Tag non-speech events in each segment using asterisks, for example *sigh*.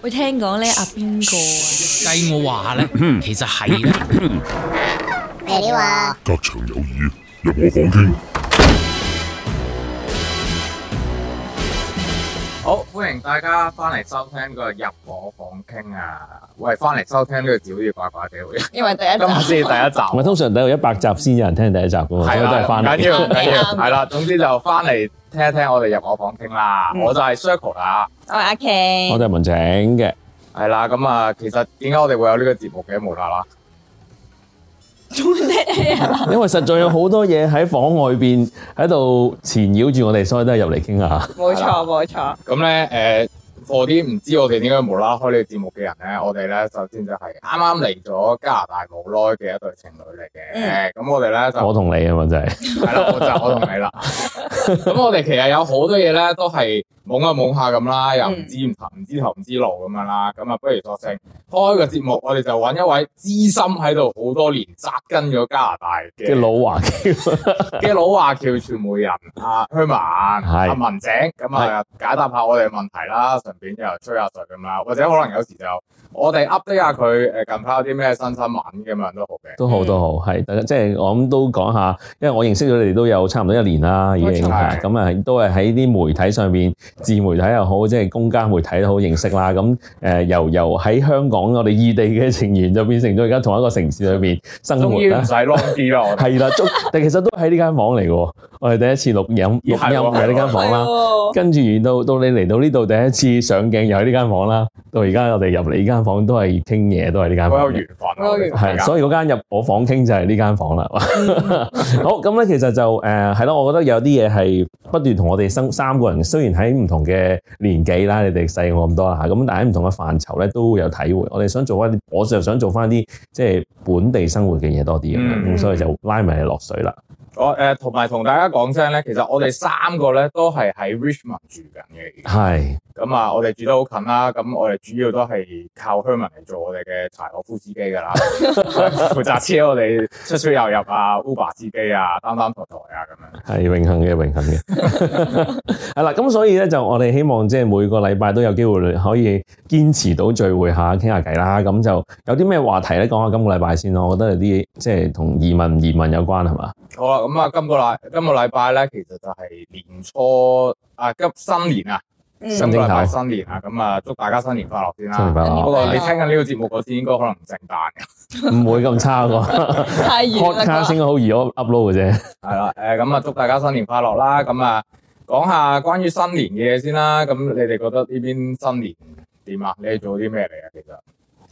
喂、啊，聽講呢，阿邊個計我話呢，其實係咩、嗯嗯、話？隔牆有耳，入我房傾。歡迎大家翻嚟收聽個入我房傾啊！喂，翻嚟收聽呢個字好似怪怪嘅會，因為第一集，先第一集， *laughs* 通常等到一百集先有人聽第一集噶嘛，係 *laughs* 啦，唔緊要，唔緊要，係 *laughs* 啦，總之就翻嚟聽一聽我哋入我房傾啦、嗯。我就係 circle 啦，okay. 我係阿 Can，我係文井嘅，係啦。咁啊，其實點解我哋會有個節呢個節目嘅？冇啦啦。 *laughs* 因為實在有好多嘢喺房外邊喺度纏繞住我哋，所以都係入嚟傾下。冇 *laughs* 錯，冇錯。咁、呃、咧，誒 for 啲唔知我哋點解無啦啦開呢個節目嘅人咧，我哋咧首先就係啱啱嚟咗加拿大冇耐嘅一對情侶嚟嘅。咁、呃嗯、我哋咧就我同你啊嘛，就係。係啦，我就我、 *laughs* *laughs* *laughs* *laughs* *laughs* *laughs* 我同你啦。咁我哋其實有好多嘢咧，都係。懵下懵下咁啦，又唔知唔行唔知行唔知路咁樣啦，咁啊不，不如索性開個節目，我哋就揾一位資深喺度好多年扎根咗加拿大嘅老華僑，嘅 *laughs* 老華華僑 *laughs* 傳媒人啊，阿、啊、文井，咁啊解答下我哋問題啦，順便又吹下水咁啦，或者可能有時就我哋 update 下佢近排有啲咩新新聞咁樣都好嘅。都好、嗯、都好係，即係我諗都講下，因為我認識咗你哋都有差唔多一年啦、嗯、已經，咁啊都係喺啲媒體上面。自媒體又好，即係公家媒體都好認識啦。咁誒、呃，由由喺香港我哋異地嘅情緣，就變成咗而家同一個城市裏面生活啦。中意唔使浪費咯。係啦，中，但其實都喺呢間房嚟喎。我哋第一次錄音錄音嘅呢間房啦，哦哦哦，跟住完到到你嚟到呢度第一次上鏡又喺呢間房啦，到而家我哋入嚟呢間房都係傾嘢，都係呢間房，好有緣分，係，所以嗰間入我房傾就係呢間房啦。 *laughs* 好，咁咧其實就誒係咯，我覺得有啲嘢係不斷同我哋生三個人，雖然喺唔同嘅年紀啦，你哋細我咁多啦吓，咁但係唔同嘅範疇咧都會有體會。我哋想做翻，我就想做翻啲即係本地生活嘅嘢多啲咁，嗯、所以就拉埋你落水啦。我呃同埋同大家講聲呢，其實我哋三個呢都係喺 Richmond 住緊嘅。係。咁啊，我哋住得好近啦。咁我哋主要都係靠鄉民嚟做我哋嘅柴可夫司機噶啦，負 *laughs* 責車我哋出出入入啊，Uber 司機啊，擔擔抬抬啊，咁樣。係榮幸嘅，榮幸嘅。係 *laughs* 啦， *laughs* 咁所以咧，就我哋希望即係每個禮拜都有機會可以堅持到聚會下，傾下偈啦。咁就有啲咩話題咧，講下今個禮拜先咯。我覺得有啲即係同移民、移民有關係嘛。好啦，咁啊、這個，今、這個禮今個禮拜咧，其實就係年初啊，今新年啊。新年啊，咁啊，祝大家新年快樂先啦。不過你聽緊呢個節目嗰時，應該可能唔聖誕嘅，唔會咁差嘅。太差先好易，我 upload 嘅啫。係啦，誒，咁啊，祝大家新年快樂啦。咁啊，講下關於新年嘅嘢先啦。咁你哋覺得呢邊新年點啊？你係做啲咩嚟？啊，其實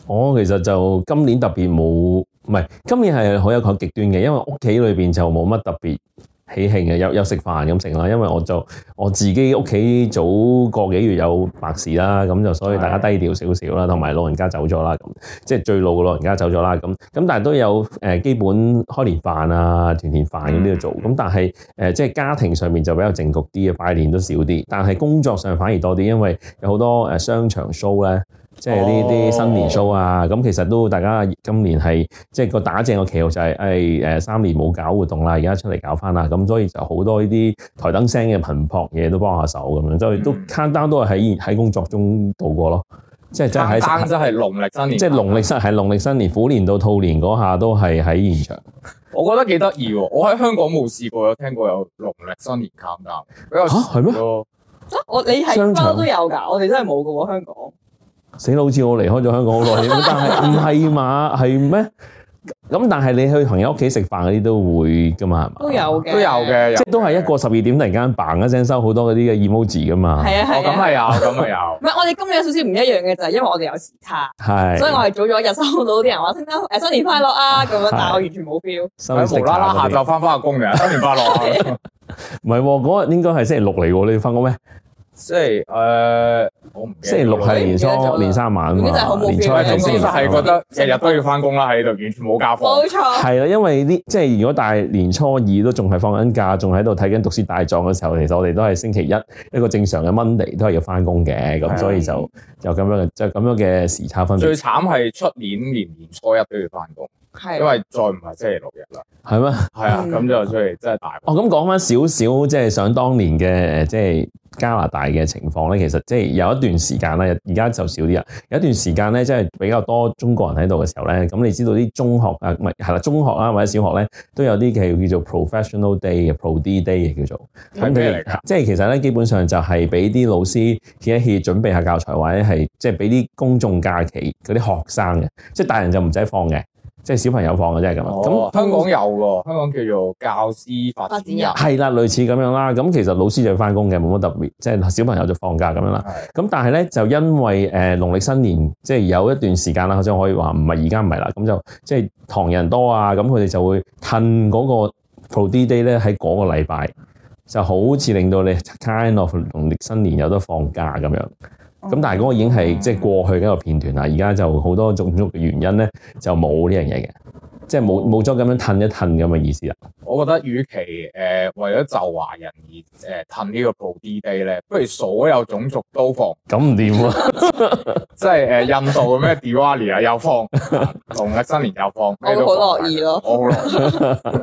我其實就今年特別冇，唔係，今年係好有好極端嘅，因為屋企裏邊就冇乜特別，喜慶嘅，有有食飯咁成啦，因為我就我自己屋企早個幾月有白事啦，咁就所以大家低調少少啦，同埋老人家走咗啦，咁即係最老嘅老人家走咗啦，咁咁但係都有誒、呃、基本開年飯啊、團年飯咁都要做，咁但係誒即係家庭上面就比較靜局啲嘅，拜年都少啲，但係工作上反而多啲，因為有好多、呃、商場 show 咧。即係呢啲新年 show 啊，咁、哦、其實都大家今年係即係個打正嘅旗號就係誒誒三年冇搞活動啦，而家出嚟搞翻啦，咁所以就好多呢啲台燈聲嘅頻撲嘢都幫下手咁樣，所以都 countdown 都係喺喺工作中度過咯。即係真係喺真係農曆新年，即係農曆新係農曆新年，虎年到兔年嗰下都係喺現場。我覺得幾得意喎，我喺香港冇試過有聽過有農曆新年 countdown 嚇係咩？我你係商場都有㗎，我哋真係冇嘅喎香港。死佬，好似我離開咗香港好耐 *laughs* 但係唔係嘛？係咩？咁但係你去朋友屋企食飯嗰啲都會噶嘛？都有嘅，都有嘅，即係都係一個十二點突然間 bang 一聲收好多嗰啲嘅 emoji 噶嘛？係啊係，咁係、啊哦、有，咁 *laughs* 係、哦、有。唔係，我哋今日有少少唔一樣嘅就係、是、因為我哋有時差，係，所以我係早咗一日收到啲人話聲啦，誒，新年快樂啊咁樣，但係我完全冇 feel，我無啦啦下晝翻翻下工嘅，新年快樂。唔係喎，嗰日應該係星期六嚟喎，你翻工咩？即係誒，即、呃、星期六係年初年三晚嘛，嘛、啊，年初一其實係覺得日日都要翻工啦喺度，完全冇假放。冇錯，係啦，因為呢，即係如果大年初二都仲係放緊假，仲喺度睇緊讀書大狀嘅時候，其實我哋都係星期一一個正常嘅 Monday 都係要翻工嘅，咁所以就就咁樣就咁樣嘅時差分別。最慘係出年年年初一都要翻工。係，因為再唔係星期六日啦。係咩？係啊，咁、嗯、就出去真係大。哦，咁講翻少少，即係想當年嘅，即係加拿大嘅情況咧。其實即係有一段時間啦，而家就少啲啊。有一段時間咧，即係比較多中國人喺度嘅時候咧，咁你知道啲中學啊，唔係係啦，中學啦或者小學咧，都有啲嘅叫做 professional day、pro d day 嘅叫做。咁樣嚟，即係其實咧，就是、基本上就係俾啲老師 hea 一 hea，準備下教材，或者係即係俾啲公眾假期嗰啲學生嘅，即係大人就唔使放嘅。即係小朋友放嘅，真係咁樣咁、哦、香港有喎，香港叫做教師發展日。係啦，類似咁樣啦。咁其實老師就要翻工嘅，冇乜特別。即係小朋友就放假咁樣啦。咁但係咧，就因為誒農曆新年，即係有一段時間啦，好似可以話唔係而家唔係啦。咁就即係唐人多啊，咁佢哋就會褪嗰個 pro-d day 咧喺嗰個禮拜，就好似令到你 kind of 農曆新年有得放假咁樣。咁但係嗰個已經係即係過去嘅一個片段啦，而家就好多種種嘅原因呢，就冇、是、呢樣嘢嘅，即係冇冇咗咁樣褪一褪咁嘅意思啦。我覺得與其誒、呃、為咗就華人而誒褪、呃、呢個部 D Day 咧，不如所有種族都放，咁唔掂啊！即係誒印度嘅咩 Diwali 啊又放，農 *laughs* 曆新年又放，放我好樂意咯，我好樂意。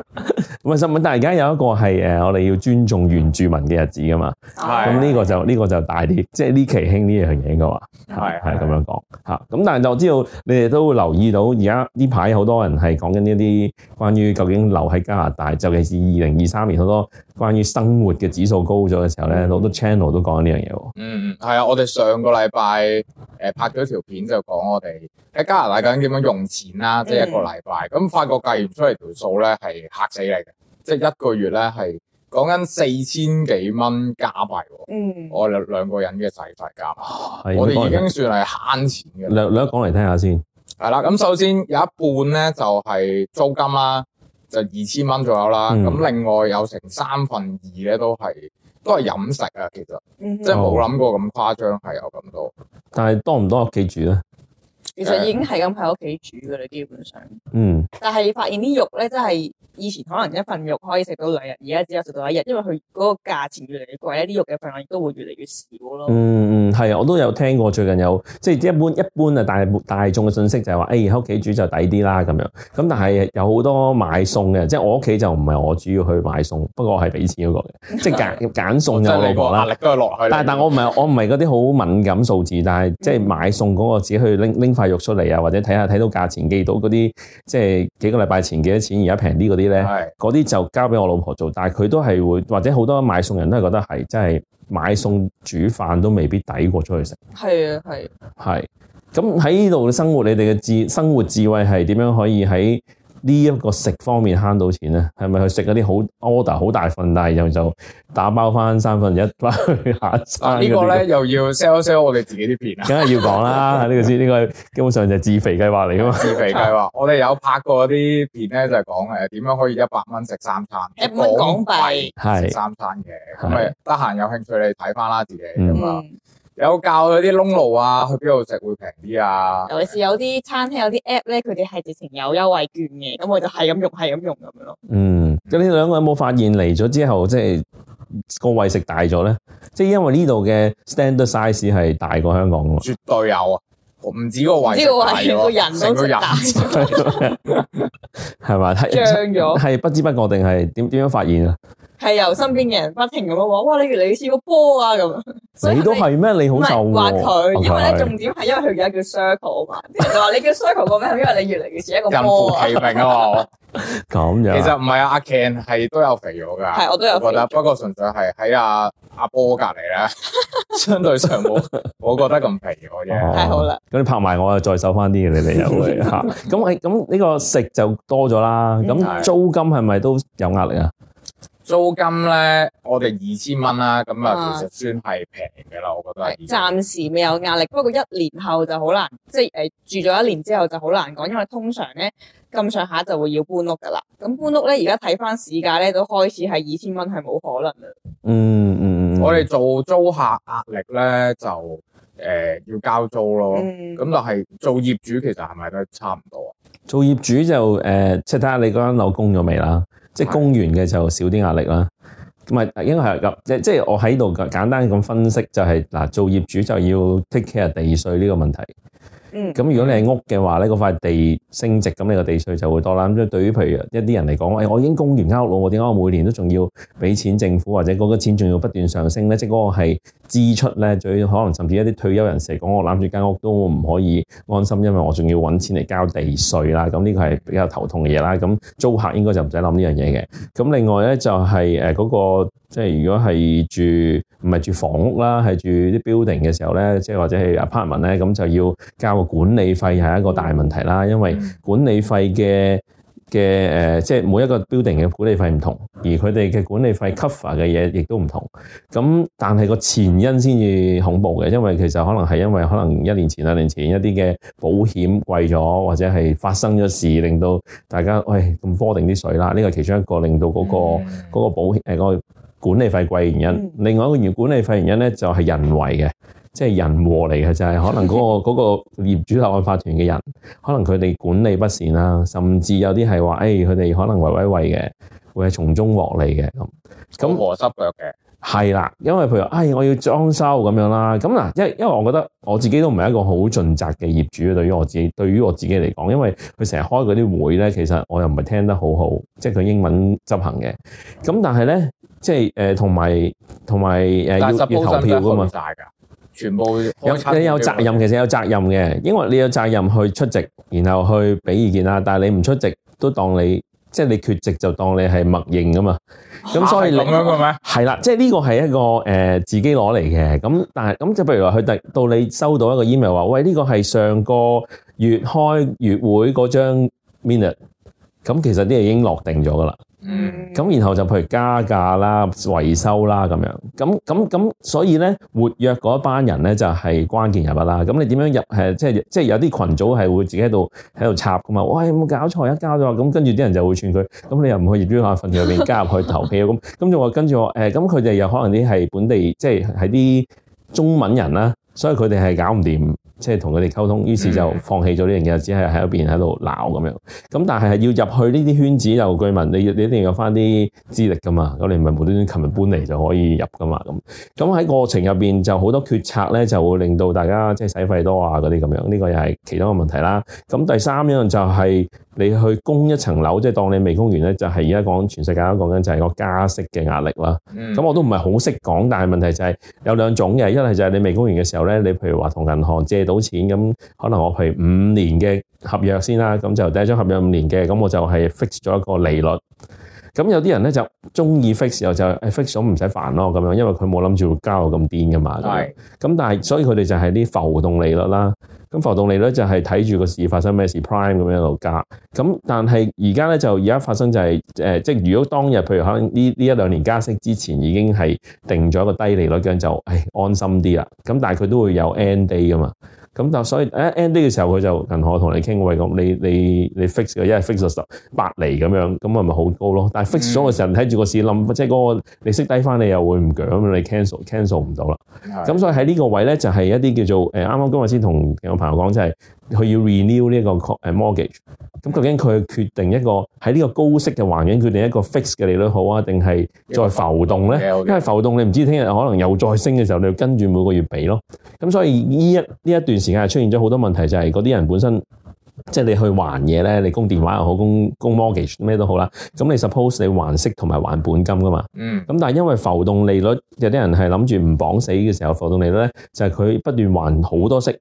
唔係，但係而家有一個係誒，我哋要尊重原住民嘅日子噶嘛，咁呢、啊、個就呢、這個就大啲，即係呢期興呢、啊啊、樣嘢㗎嘛，係係咁樣講吓。咁但係我知道你哋都會留意到而家呢排好多人係講緊呢啲關於究竟留喺加拿大。尤其是二零二三年好多關於生活嘅指數高咗嘅時候咧，好多 channel 都講緊呢樣嘢。嗯嗯，係啊，我哋上個禮拜誒拍咗條片就講我哋喺加拿大究竟點樣用錢啦，即係一個禮拜。咁發覺計完出嚟條數咧係嚇死你嘅，即係一個月咧係講緊四千幾蚊加幣。嗯，我兩兩個人嘅使費，啊，我哋已經算係慳錢嘅。兩兩講嚟聽下先。係啦、啊，咁首先有一半咧就係租金啦。就二千蚊左右啦，咁、嗯、另外有成三分二咧都係都係飲食啊，其實、嗯、即係冇諗過咁誇張，係、哦、有咁多，但係多唔多屋企住咧？其實已經係咁喺屋企煮噶啦，基本上。嗯。但係發現啲肉咧，真係以前可能一份肉可以食到兩日，而家只有食到一日，因為佢嗰個價錢越嚟越貴，一啲肉嘅份量亦都會越嚟越少咯。嗯嗯，係啊，我都有聽過最近有即係、就是、一般、嗯、一般啊大大眾嘅信息就係話，誒、哎，喺屋企煮就抵啲啦咁樣。咁但係有好多買餸嘅、嗯，即係我屋企就唔係我主要去買餸，不過我係俾錢嗰個嘅， *laughs* 即係揀揀餸嘅老婆啦。你個壓力都要落去。但係但我唔係我唔係嗰啲好敏感數字，但係即係買餸嗰個自己去拎拎份。肉出嚟啊，或者睇下睇到價錢，記到嗰啲，即係幾個禮拜前幾多錢，而家平啲嗰啲咧，嗰啲就交俾我老婆做。但係佢都係會，或者好多買餸人都係覺得係，真係買餸煮飯都未必抵過出去食。係啊，係。係，咁喺呢度嘅生活，你哋嘅智生活智慧係點樣可以喺？呢、這、一個食方面慳到錢咧，係咪去食嗰啲好 order 好大份，但係又就打包翻三分一去 *laughs* 下一餐，這個？這個、呢個咧又要 sell sell 我哋自己啲片啊！梗 *laughs* 係要講啦，呢、 *laughs* 這個先呢、這個基本上就係自肥計劃嚟噶嘛。自肥計劃， *laughs* 我哋有拍過啲片咧，就係講誒點樣可以一百蚊食三餐，一蚊港幣食三餐嘅。咁咪得閒有興趣你睇翻啦，自己咁、嗯嗯有教佢啲窿路啊，去邊度食會平啲啊？尤其是有啲餐廳有啲 app 咧，佢哋係直情有優惠券嘅，咁我就係咁用，係咁用咁樣咯。嗯，咁呢兩個有冇發現嚟咗之後，即係個胃食大咗咧？即係因為呢度嘅 standard size 係大過香港喎，絕對有啊！唔止個胃食，成個人都大，係 *laughs* 嘛？脹咗，係不知不覺定係點點樣發現啊？係由身邊嘅人不停咁樣話哇！你越嚟越似個波啊咁。你都係咩？你好瘦喎。話佢，okay. 因為咧，重點係因為佢而家叫 Circle 嘛。話 *laughs* 你叫 Circle 個咩？係因為你越嚟越似一個波啊。人如其名啊咁樣，其實唔係啊。阿 Ken 係都有肥咗噶，係，我都有肥，我覺得。不過純粹係喺阿阿波隔籬啦， *laughs* 相對上冇，我覺得咁肥我嘅。太、 *laughs* 哦、好啦！咁你拍埋我啊，再瘦翻啲，你哋又吓？咁咁呢個食就多咗啦。咁、嗯、租金係咪都有壓力啊？租金咧，我哋二千蚊啦，咁啊，其實算係平嘅啦，我覺得。係。暫時未有壓力，不過一年後就好難，即係誒住咗一年之後就好難講，因為通常咧咁上下就會要搬屋噶啦。咁搬屋咧，而家睇翻市價咧，都開始係二千蚊係冇可能嘅。嗯嗯嗯。我哋做租客壓力咧就誒、呃、要交租咯，咁、嗯、但係做業主其實係咪都差唔多啊？做業主就誒，即係睇下你嗰間樓供咗未啦。即係公員嘅就少啲壓力啦，唔係應該係咁，即係我喺度簡單咁分析就係、是、嗱，做業主就要 take care 地稅呢個問題。嗯，咁如果你係屋嘅話咧，嗰塊地升值，咁你個地稅就會多啦。咁所以對於譬如一啲人嚟講，誒，我已經供完間屋啦，我點解我每年都仲要俾錢政府，或者嗰個錢仲要不斷上升咧？即係嗰個係支出咧，最可能甚至一啲退休人士嚟講，我攬住間屋都唔可以安心，因為我仲要搵錢嚟交地稅啦。咁呢個係比較頭痛嘅嘢啦。咁租客應該就唔使諗呢樣嘢嘅。咁另外咧就係誒嗰個。即係如果係住唔係住房屋啦，係住啲 building 嘅時候咧，即係或者係 apartment 咧，咁就要交個管理費，係一個大問題啦。因為管理費嘅嘅誒，即係每一個 building 嘅管理費唔同，而佢哋嘅管理費 cover 嘅嘢亦都唔同。咁但係個前因先至恐怖嘅，因為其實可能係因為可能一年前兩年前一啲嘅保險貴咗，或者係發生咗事令到大家喂咁科定啲水啦。呢個其中一個令到嗰個嗰個保險誒個管理費貴原因，另外一個原管理費原因咧，就係人為嘅，即係人和嚟嘅，就係可能嗰個嗰 *laughs* 業主立案法團嘅人，可能佢哋管理不善啦，甚至有啲係話，誒佢哋可能為為為嘅，會係從中獲利嘅咁，咁何佢嘅，係啦，因為譬如哎我要裝修咁樣啦，咁嗱，因因為我覺得我自己都唔係一個好盡責嘅業主啊，對於我自己，對於我自己嚟講，因為佢成日開嗰啲會咧，其實我又唔係聽得好好，即係佢英文執行嘅，咁但係咧。即係誒，同埋同埋誒，要要投票噶嘛？全部有你有責任，其實有責任嘅，因為你有責任去出席，然後去俾意見啦。但係你唔出席，都當你即係你缺席，就當你係默認噶嘛。咁、啊、所以咩？係啦，即係呢個係一個誒、呃、自己攞嚟嘅。咁但係咁，就譬如話佢到你收到一個 email 話，喂，呢、這個係上個月開月會嗰張 minute。咁其實啲嘢已經落定咗噶啦。嗯，咁然後就譬如加價啦、維修啦咁樣，咁咁咁，所以咧活躍嗰一班人咧就係、是、關鍵人物啦。咁你點樣入？即係即係有啲群組係會自己喺度喺度插噶嘛？喂、哎，有冇搞錯一交咗咁，跟住啲人就會串佢。咁你又唔去業主下份入面加入去投票咁？跟住我，跟住我，咁佢哋又可能啲係本地，即係喺啲中文人啦，所以佢哋係搞唔掂。即係同佢哋溝通，於是就放棄咗呢樣嘢，只係喺入面喺度鬧咁樣。咁但係係要入去呢啲圈子就據聞，你你一定要有翻啲資歷噶嘛。咁你唔係無端端琴日搬嚟就可以入噶嘛咁。咁喺過程入面就好多決策咧，就會令到大家即係使費多啊嗰啲咁樣。呢、呢個又係其中嘅問題啦。咁第三樣就係、係。你去供一層樓，即係當你未供完咧，就係而家講全世界都講緊就係個加息嘅壓力啦。咁、嗯、我都唔係好識講，但係問題就係有兩種嘅，一係就係你未供完嘅時候咧，你譬如話同銀行借到錢咁，可能我譬如五年嘅合約先啦，咁就第一張合約五年嘅，咁我就係 fix 咗一個利率。咁有啲人咧就中意 fix，又就 fix 咗唔使煩咯，咁樣，因為佢冇諗住會交咁癲噶嘛。係。咁但係所以佢哋就係啲浮動利率啦。咁浮動利率就係睇住個市發生咩事，prime 咁樣一路加。咁但係而家咧就而家發生就係、是，誒、呃，即係如果當日，譬如可能呢呢一兩年加息之前已經係定咗個低利率嘅，咁樣就誒安心啲啦。咁但係佢都會有 end day 噶嘛。咁但係所以誒 end 呢個時候佢就銀行同你傾位咁，你你你 fix 佢一係 fix 咗十百厘咁樣，咁咪咪好高咯？但係 fix 咗嘅時候睇住、嗯、個市冧，即係嗰個利息低返，你又會唔鋸咁，你 cancel cancel 唔到啦。咁所以喺呢個位咧，就係、是、一啲叫做誒啱啱今日先同有朋友講，即係。佢要 renew 呢個誒 mortgage，咁究竟佢決定一個喺呢個高息嘅環境決定一個 fixed 嘅利率好啊，定係再浮動咧？因為浮動你唔知聽日可能又再升嘅時候，你要跟住每個月俾咯。咁所以呢一呢一段時間係出現咗好多問題，就係嗰啲人本身即係、就是、你去還嘢咧，你供電話又好，供供 mortgage 咩都好啦。咁你 suppose 你還息同埋還本金㗎嘛？嗯。咁但係因為浮動利率，有啲人係諗住唔綁死嘅時候，浮動利率咧就係、是、佢不斷還好多息。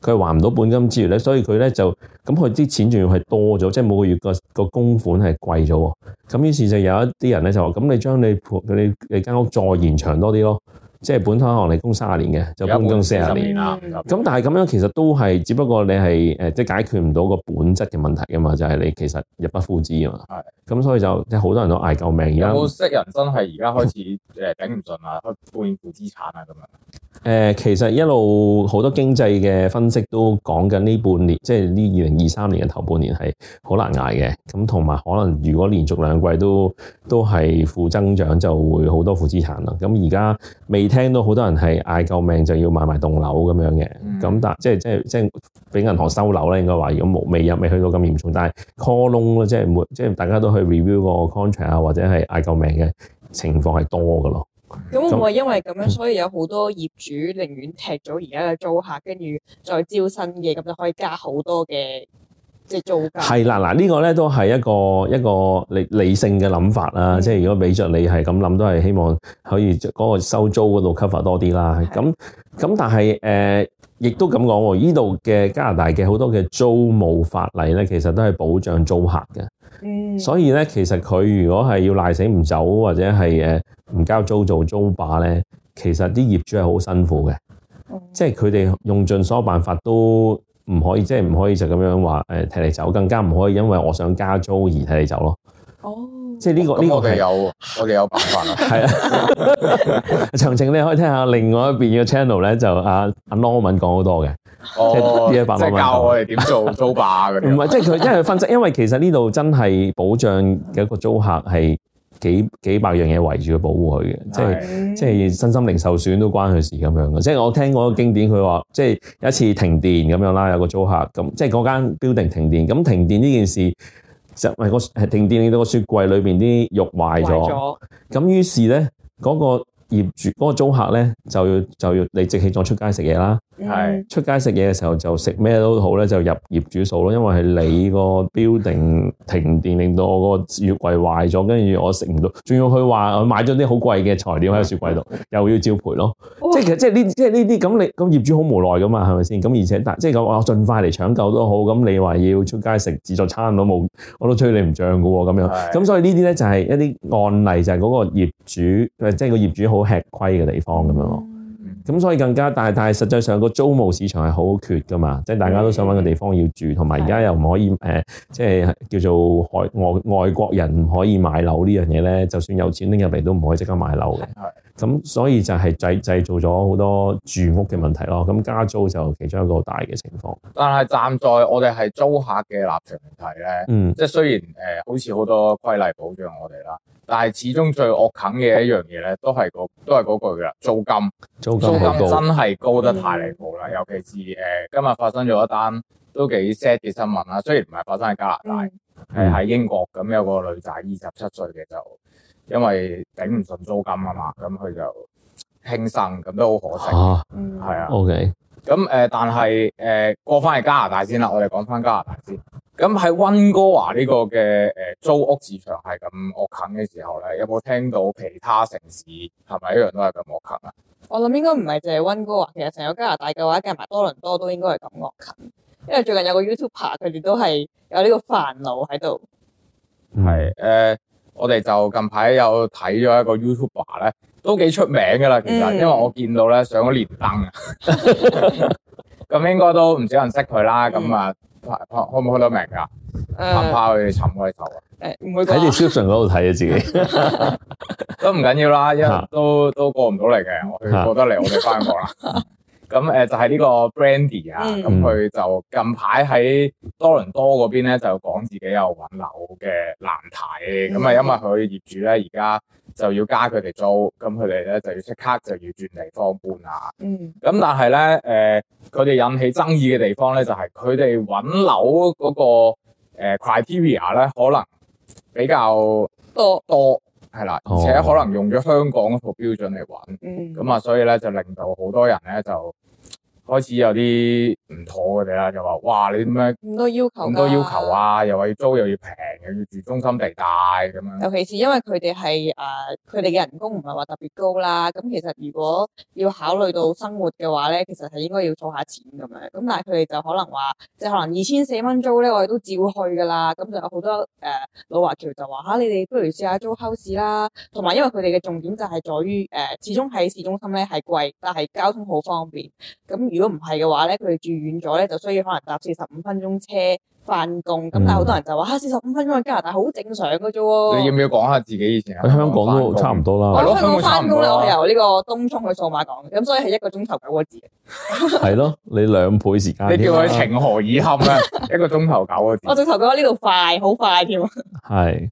佢係還唔到本金之餘呢，所以佢呢就咁佢啲錢仲要係多咗，即係每個月個個供款係貴咗喎。咁於是就有一啲人呢就話：「咁你將你盤嗰你間屋再延長多啲囉。」即係本土行，你供三十年嘅，就供咗四十年啦。咁、嗯、但係咁樣其實都係，只不過你係即係解決唔到個本質嘅問題㗎嘛，就係、是、你其實入不敷支啊。係。咁所以就即係好多人都嗌救命。有冇識人真係而家開始誒 *laughs* 頂唔順啊，半負資產啊咁樣、呃？其實一路好多經濟嘅分析都講緊呢半年，即係呢二零二三年嘅頭半年係好難捱嘅。咁同埋可能如果連續兩季都都係負增長，就會好多負資產啦。咁而家未。聽到好多人係嗌救命，就要賣埋棟樓咁樣嘅，咁、嗯、但即即即俾銀行收樓啦，應該話如果冇未入未去到咁嚴重，但係 call 窿咯，即係冇即係大家都去 review 個 contract 啊，或者係嗌救命嘅情況係多㗎咯。咁會唔會因為咁樣，所以有好多業主寧願踢咗而家嘅租客，跟住再招新嘅，咁就可以加好多嘅？係、就、啦、是，嗱、這個、呢個咧都係一個一個理理性嘅諗法啦。嗯、即係如果俾着你係咁諗，都係希望可以嗰個收租嗰度 cover 多啲啦。咁咁但係誒，亦、呃、都咁講，依度嘅加拿大嘅好多嘅租務法例咧，其實都係保障租客嘅。嗯，所以咧，其實佢如果係要賴死唔走或者係誒唔交租做租霸咧，其實啲業主係好辛苦嘅、嗯。即係佢哋用盡所有辦法都。唔可以，即係唔可以就咁樣話誒，踢你走，更加唔可以，因為我想加租而踢你走咯。哦，即係、這、呢個呢個係有，這個、我哋有辦法。係 *laughs* 啊， *laughs* 詳情你可以聽下另外一邊嘅 channel 咧，就阿 Norman 講好多嘅。哦，呢一班即係教我哋點做租霸嘅。唔 *laughs* 係，即係佢即係分析， *laughs* 因為其實呢度真係保障嘅一個租客係。幾幾百樣嘢，圍住佢保護佢嘅，即係即係身心靈受損都關佢事咁樣嘅。即係我聽過一個經典，佢話即係有一次停電咁樣啦，有個租客咁，即係嗰間 building 停電，咁停電呢件事實咪、就係嗰個係停電令到個雪櫃裏邊啲肉壞咗。咁於是咧嗰、嗰個。業主嗰、那個租客咧就要就要理直氣壯出街食嘢啦，係出街食嘢嘅時候就食咩都好咧就入業主數咯，因為係你個 building 停電令到我個雪櫃壞咗，跟住我食唔到，仲要佢話我買咗啲好貴嘅材料喺個雪櫃度，又要照賠咯，哦、即係其實即係呢即係呢啲咁你咁業主好無奈㗎嘛係咪先？咁而且即係講我盡快嚟搶救都好，咁你話要出街食自助餐都冇，我都催你唔漲㗎喎咁樣，咁所以呢啲咧就係、是、一啲案例就係、是、嗰個業主即係、就是、個業主好。好吃虧嘅地方的。咁所以更加大，但係，實際上個租務市場係好缺噶嘛，即係大家都想揾個地方要住，同埋而家又唔可以即係、呃、叫做外外外國人唔可以買樓呢樣嘢咧，就算有錢拎入嚟都唔可以即刻買樓。係，咁所以就係製製、製造咗好多住屋嘅問題咯。咁加租就其中一個大嘅情況。但係站在我哋係租客嘅立場嚟睇咧，嗯，即係雖然、呃、好似好多規例保障我哋啦，但係始終最惡啃嘅一樣嘢咧，都係都係嗰句啦，租金，租金。租金真係高得太離譜啦，嗯，尤其是、呃、今日發生咗一單都幾 sad 嘅新聞啦。雖然唔係發生喺加拿大，係、嗯、喺英國，咁有個女仔二十七歲嘅就因為頂唔順租金啊嘛，咁佢就輕生，咁都好可惜啊。係啊。咁誒、呃，但係誒、呃，過翻去加拿大先啦，我哋講翻加拿大先。咁喺溫哥華呢個嘅誒租屋市場係咁惡近嘅時候咧，有冇聽到其他城市係咪一樣都係咁惡近啊？我諗應該唔係淨係溫哥華，其實成個加拿大嘅話，加埋多倫多都應該係咁惡近。因為最近有個 YouTuber，佢哋都係有呢個煩惱喺度。係、嗯、誒、呃，我哋就近排有睇咗一個 YouTuber 咧。都幾出名噶啦，其實，因為我見到咧上咗連登啊，咁、嗯、 *laughs* 應該都唔少人識佢啦。咁、嗯、啊，怕怕唔開得名啊？怕怕去尋開頭啊？喺啲消訊嗰度睇啊，自己 *laughs* 都唔緊要啦，因為都、啊、都過唔到嚟嘅，我過得嚟，我哋翻過啦。啊 *laughs* 咁誒就係呢個 Brandy 啊，咁佢就近排喺多倫多嗰邊咧，就講自己有揾樓嘅難題，咁啊因為佢業主咧而家就要加佢哋租，咁佢哋咧就要即刻就要轉地方搬啦。嗯，咁但係咧誒，佢哋引起爭議嘅地方咧，就係佢哋揾樓嗰個 criteria 咧，可能比較多多。係啦，而且可能用咗香港嗰套標準嚟揾，咁、哦、啊，所以咧就令到好多人咧就開始有啲唔妥佢哋啦，就話：哇，你點解咁多要求？咁多要求啊！啊又話要租又要平，又要住中心地帶咁樣。尤其是因為佢哋係誒，佢哋嘅人工唔係話特別高啦。咁其實如果要考慮到生活嘅話咧，其實係應該要儲下錢咁樣。咁但係佢哋就可能話，即係可能二千四蚊租咧，我哋都照去噶啦。咁就有好多誒、呃、老華僑就話嚇、啊、你哋，不如試下租 house 啦。同埋因為佢哋嘅重點就係在於誒、呃，始終喺市中心咧係貴，但係交通好方便。咁如如果唔係嘅話咧，佢住遠咗咧，就需要可能搭四十五分鐘車翻工。咁、嗯、但係好多人就話吓，四十五分鐘去加拿大好正常嘅啫。你要唔要講下自己以前喺香港都差唔多啦。我喺香港翻工咧，我係由呢個東涌去數碼港，咁所以係一個鐘頭九個字的。係 *laughs* 咯，你兩倍時間。你叫佢情何以堪啊？ *laughs* 一個鐘頭九個字。我直頭覺得呢度快，好快添。係。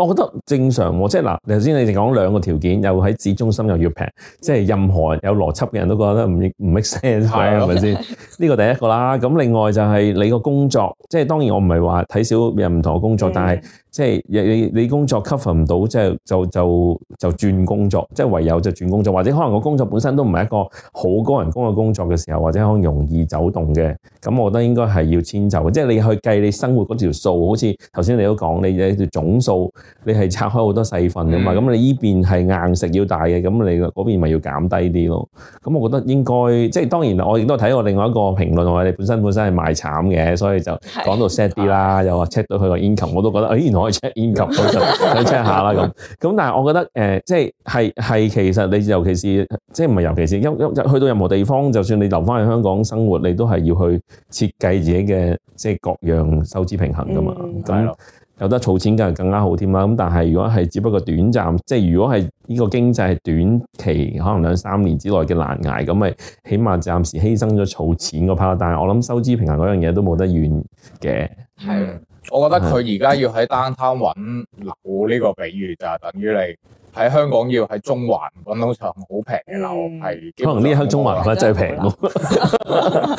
我覺得正常喎，即係嗱，頭先你哋講兩個條件，又喺市中心又要平，即係任何有邏輯嘅人都覺得唔唔 make sense，係咪先？呢 *laughs* 個第一個啦，咁另外就係你個工作，即係當然我唔係話睇少人唔同嘅工作， *laughs* 但係。即係你你工作 cover 唔到，即係就就就轉工作，即係唯有就轉工作，或者可能個工作本身都唔係一個好高人工嘅工作嘅時候，或者可能容易走動嘅，咁我覺得應該係要遷就嘅。即係你去計你生活嗰條數，好似頭先你都講，你嘅總數你係拆開好多細份㗎嘛，咁，嗯，你呢邊係硬食要大嘅，咁你嗰邊咪要減低啲咯。咁我覺得應該即係當然，我亦都睇過另外一個評論話你本身本身係賣慘嘅，所以就講到 set 啲啦，又話 check 到佢個 income。我都覺得，哎，原來我 check in 及睇 check 下啦咁。咁但係我覺得誒、呃，即係係係，其實你尤其是即係唔係尤其是，一一去到任何地方，就算你留翻去香港生活，你都係要去設計自己嘅即係各樣收支平衡噶嘛。咁、嗯、有得儲錢，梗係更加好添啦。咁但係如果係只不過短暫，即係如果係呢個經濟短期可能兩三年之內嘅難捱，咁咪起碼暫時犧牲咗儲錢個 part。但係我諗收支平衡嗰樣嘢都冇得怨嘅。係。我覺得佢而家要喺 downtown 揾樓呢個比喻就係、是、等於你。喺香港要喺中環揾到場好平嘅樓，係可能呢一刻中環反而真係平咯。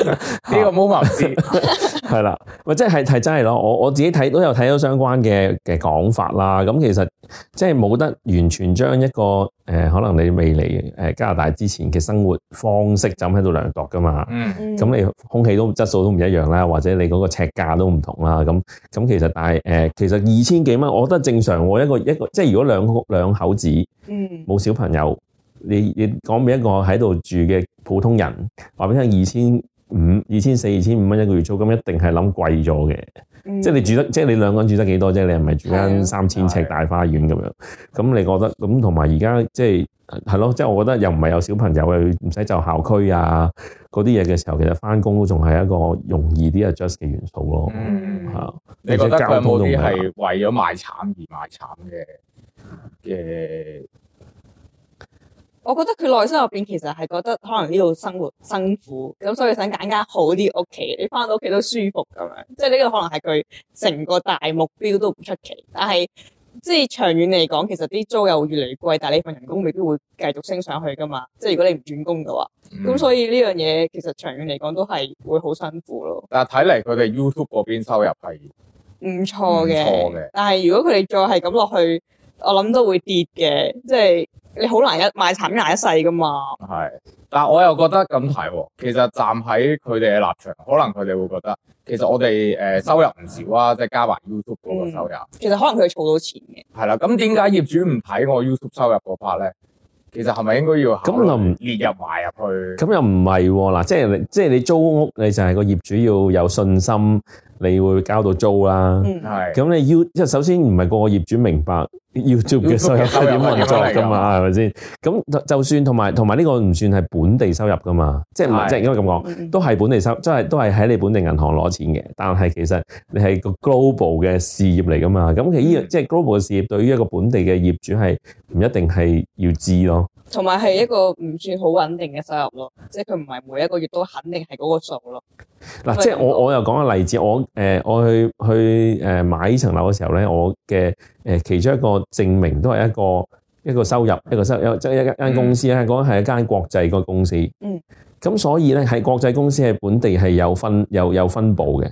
呢 *laughs* *laughs* *laughs* 這個 moment 唔 *laughs* 係 *laughs* 啦，或者係係真係咯。我我自己睇都有睇到相關嘅嘅講法啦。咁其實即係冇得完全將一個誒、呃，可能你未嚟誒、呃、加拿大之前嘅生活方式浸喺度量度㗎嘛。咁、嗯、你空氣都質素都唔一樣啦，或者你嗰個尺價都唔同啦。咁咁其實但係誒，其實二千、呃、幾蚊，我覺得正常。我一個一個，一個，即係如果兩兩口。嗯，冇小朋友，你你講俾一個喺度住嘅普通人話俾聽二千五、二千四、二千五蚊一個月租，咁一定係諗貴咗嘅。即係你住得，即係你兩個人住得幾多啫？你係咪住間三千尺大花園咁樣？咁你覺得咁同埋而家即係係咯？即係、就是、我覺得又唔係有小朋友，又唔使就校區啊嗰啲嘢嘅時候，其實翻工都仲係一個容易啲 adjust 嘅元素咯、啊。嗯嗯、啊，你覺得有冇啲係為咗賣慘而賣慘嘅？嘅，我覺得佢內心入邊其實係覺得可能呢度生活辛苦，咁所以想揀間好啲屋企，你翻到屋企都舒服咁樣。即係呢個可能係佢成個大目標都唔出奇，但係即係長遠嚟講，其實啲租又會越嚟越貴，但係呢份人工未必會繼續升上去噶嘛。即係如果你唔轉工嘅話，咁、嗯、所以呢樣嘢其實長遠嚟講都係會好辛苦咯。但係睇嚟佢哋 YouTube 嗰邊收入係唔錯嘅，但係如果佢哋再係咁落去。我諗都會跌嘅，即係你好難一買慘下一,一世噶嘛。係，但係我又覺得咁睇，其實站喺佢哋嘅立場，可能佢哋會覺得，其實我哋誒、呃、收入唔少啊，即係加埋 YouTube 嗰個收入、嗯。其實可能佢係儲到錢嘅。係啦，咁點解業主唔睇我 YouTube 收入嗰 part 咧？其實係咪應該要咁唔列入埋入去？咁又唔係嗱，即係即係你租屋，你就係個業主要有信心，你會交到租啦。嗯，係。咁你要，即係首先唔係個個業主明白。YouTube 嘅收入點運作噶嘛，係咪先？咁就算同埋同埋呢個唔算係本地收入噶嘛，即係唔係即係應該咁講，都係本地收，即係都係喺你本地銀行攞錢嘅。但係其實你係個 global 嘅事業嚟噶嘛？咁其實呢個即係 global 嘅事業，對於一個本地嘅業主係唔一定係要知咯。同埋係一個唔算好穩定嘅收入咯，即係佢唔係每一個月都肯定係嗰個數咯。嗱，即係我我又講個例子，我誒我去去誒買呢層樓嘅時候咧，我嘅誒其中一個。證明都係一個一個收入，一個收入即係一間公司咧，講係一間國際個公司。嗯，咁、嗯、所以咧，係國際公司係本地係有分有有分布嘅。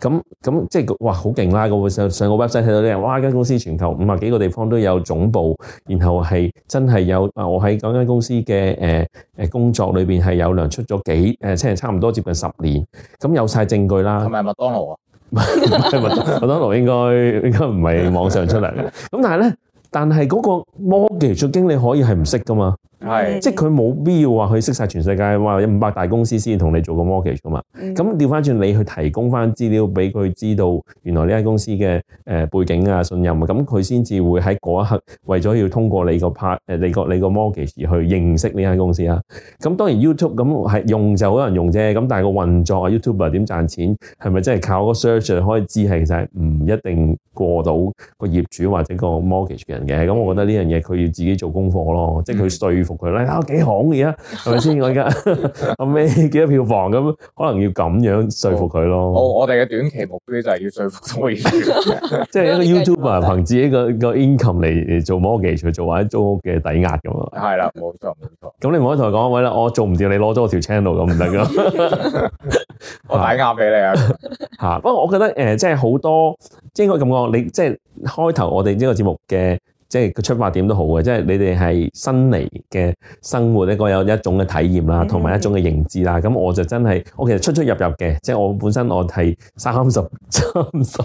咁咁即係哇，好勁啦！上上個 website 睇到啲人，哇，間公司全球五十幾個地方都有總部，然後係真係有啊！我喺嗰間公司嘅誒誒工作裏邊係有量出咗幾誒，即係差唔多接近十年。咁有晒證據啦，係咪麥當勞啊？麥當勞，應該應該唔係網上出嚟嘅。咁但係咧，但係嗰個 mortgage 做經理可以係唔識㗎嘛？係，即係佢冇必要話去識晒全世界，話有五百大公司先同你做個 mortgage 㗎、嗯、嘛。咁調翻轉你去提供翻資料俾佢知道，原來呢間公司嘅誒背景啊、信任啊，咁佢先至會喺嗰一刻為咗要通過你個 part 誒你個你個 mortgage 而去認識呢間公司啊。咁當然 YouTube 咁係用就好多人用啫，咁但係個運作啊，YouTuber 點賺錢？係咪真係靠個 search 可以知？係其實唔一定過到個業主或者個 mortgage 嘅人嘅。咁我覺得呢樣嘢佢要自己做功課咯，嗯、即係佢說服。佢你睇幾紅而家係咪先？我而家後尾幾多票房咁，可能要咁樣說服佢咯。哦哦、我我哋嘅短期目標就係要說服佢， *laughs* *laughs* 即係一個 YouTuber 憑自己個個 income 嚟做 mortgage，做做或者租屋嘅抵押咁係啦，冇錯冇錯。咁你唔可以同佢講，喂啦，我做唔掂，你攞咗我條 channel 咁唔得噶。 *laughs* *laughs* 我抵押俾你啊！吓，不過我覺得誒、呃，即係好多，即係應該咁講，你即係開頭我哋呢個節目嘅。即係個出發點都好嘅，即係你哋係新嚟嘅生活咧，講有一種嘅體驗啦，同埋一種嘅認知啦。咁我就真係我其實出出入入嘅，即係我本身我係三十三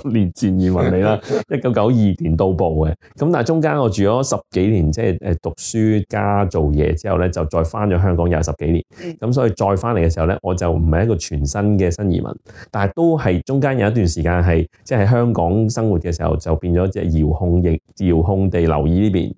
十年前移民嚟啦，一九九二年到埗嘅。咁但係中間我住咗十幾年，即係誒讀書加做嘢之後咧，就再翻咗香港又十幾年。咁所以再翻嚟嘅時候咧，我就唔係一個全新嘅新移民，但係都係中間有一段時間係即係香港生活嘅時候，就變咗隻遙控遙控地流。留意呢邊，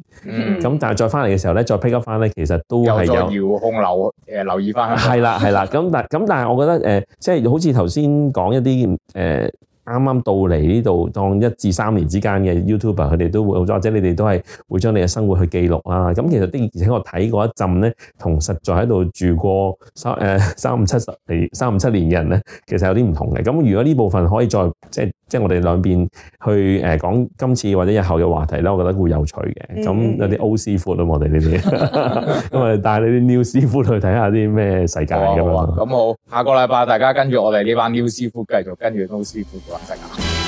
咁、嗯、但係再翻嚟嘅時候咧，再 pick up 翻咧，其實都係有遙控留誒、呃、留意翻。係啦係啦，咁但咁但係，但我覺得誒，即、呃、係、就是、好似頭先講一啲誒。呃啱啱到嚟呢度當一至三年之間嘅 YouTuber，佢哋都會或者你哋都係會將你嘅生活去記錄啊。咁其實的而且我睇過一陣咧，同實在喺度住過三三五七十年三五七年嘅人咧，其實有啲唔同嘅。咁如果呢部分可以再即係即我哋兩邊去誒講、呃、今次或者日後嘅話題咧，我覺得會有趣嘅。咁、嗯、有啲歐師傅啦，我哋呢啲咁我哋帶你啲 *laughs* *laughs* *laughs* New 師傅去睇下啲咩世界咁咁好，啊好，啊、好，下個禮拜大家跟住我哋呢班 New 師傅繼續跟住歐師傅。 *laughs* 我在哪？